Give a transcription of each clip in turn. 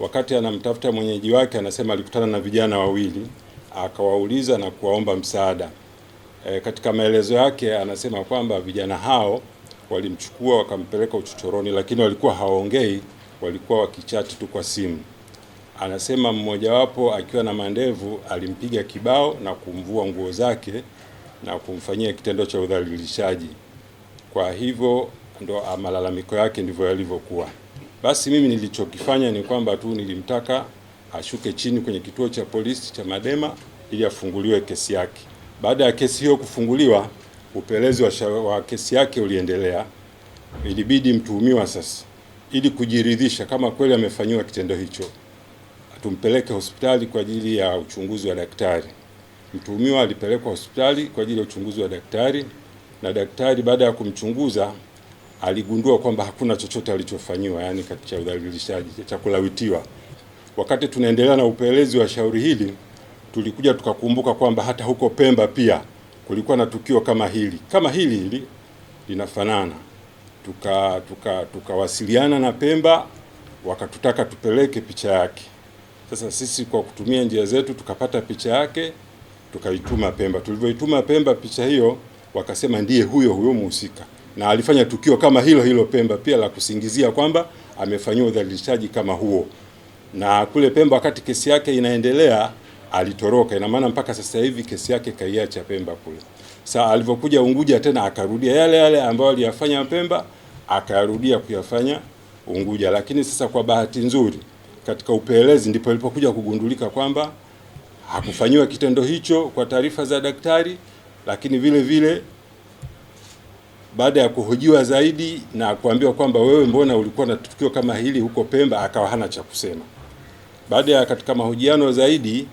wakati anamtafuta mwenyeji wake, anasema alikutana na vijana wawili akawauliza na kuwaomba msaada. E, katika maelezo yake anasema kwamba vijana hao walimchukua wakampeleka uchochoroni, lakini walikuwa hawaongei, walikuwa wakichati tu kwa simu. Anasema mmojawapo akiwa na mandevu alimpiga kibao na kumvua nguo zake na kumfanyia kitendo cha udhalilishaji. Kwa hivyo ndo malalamiko yake ndivyo yalivyokuwa. Basi mimi nilichokifanya ni kwamba tu nilimtaka ashuke chini kwenye kituo cha polisi cha Madema ili afunguliwe kesi yake. Baada ya kesi hiyo kufunguliwa, upelelezi wa, wa kesi yake uliendelea. Ilibidi mtuhumiwa sasa, ili kujiridhisha kama kweli amefanyiwa kitendo hicho, tumpeleke hospitali kwa ajili ya uchunguzi wa daktari. Mtuhumiwa alipelekwa hospitali kwa ajili ya uchunguzi wa daktari, na daktari baada ya kumchunguza aligundua kwamba hakuna chochote alichofanyiwa, yani cha udhalilishaji, cha kulawitiwa. Wakati tunaendelea na upelelezi wa shauri hili, tulikuja tukakumbuka kwamba hata huko Pemba pia kulikuwa na tukio kama hili kama hili hili linafanana, tukawasiliana tuka, tuka na Pemba wakatutaka tupeleke picha yake. Sasa sisi kwa kutumia njia zetu tukapata picha yake tukaituma Pemba. Tulivyoituma Pemba picha hiyo, wakasema ndiye huyo huyo mhusika na alifanya tukio kama hilo hilo Pemba pia la kusingizia kwamba amefanyiwa udhalilishaji kama huo, na kule Pemba wakati kesi yake inaendelea alitoroka. Ina maana mpaka sasa hivi kesi yake kaiacha Pemba kule. Sasa alivyokuja Unguja tena akarudia yale yale ambayo aliyafanya Pemba, akarudia kuyafanya Unguja. Lakini sasa kwa bahati nzuri, katika upelelezi ndipo ilipokuja kugundulika kwamba hakufanyiwa kitendo hicho kwa taarifa za daktari, lakini vile vile baada ya kuhojiwa zaidi na kuambiwa kwamba wewe, mbona ulikuwa na tukio kama hili huko Pemba, akawa hana cha kusema. Baada ya katika mahojiano zaidi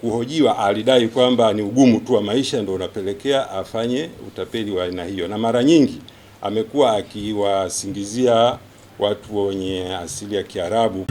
kuhojiwa, alidai kwamba ni ugumu tu wa maisha ndio unapelekea afanye utapeli wa aina hiyo, na mara nyingi amekuwa akiwasingizia watu wenye asili ya Kiarabu.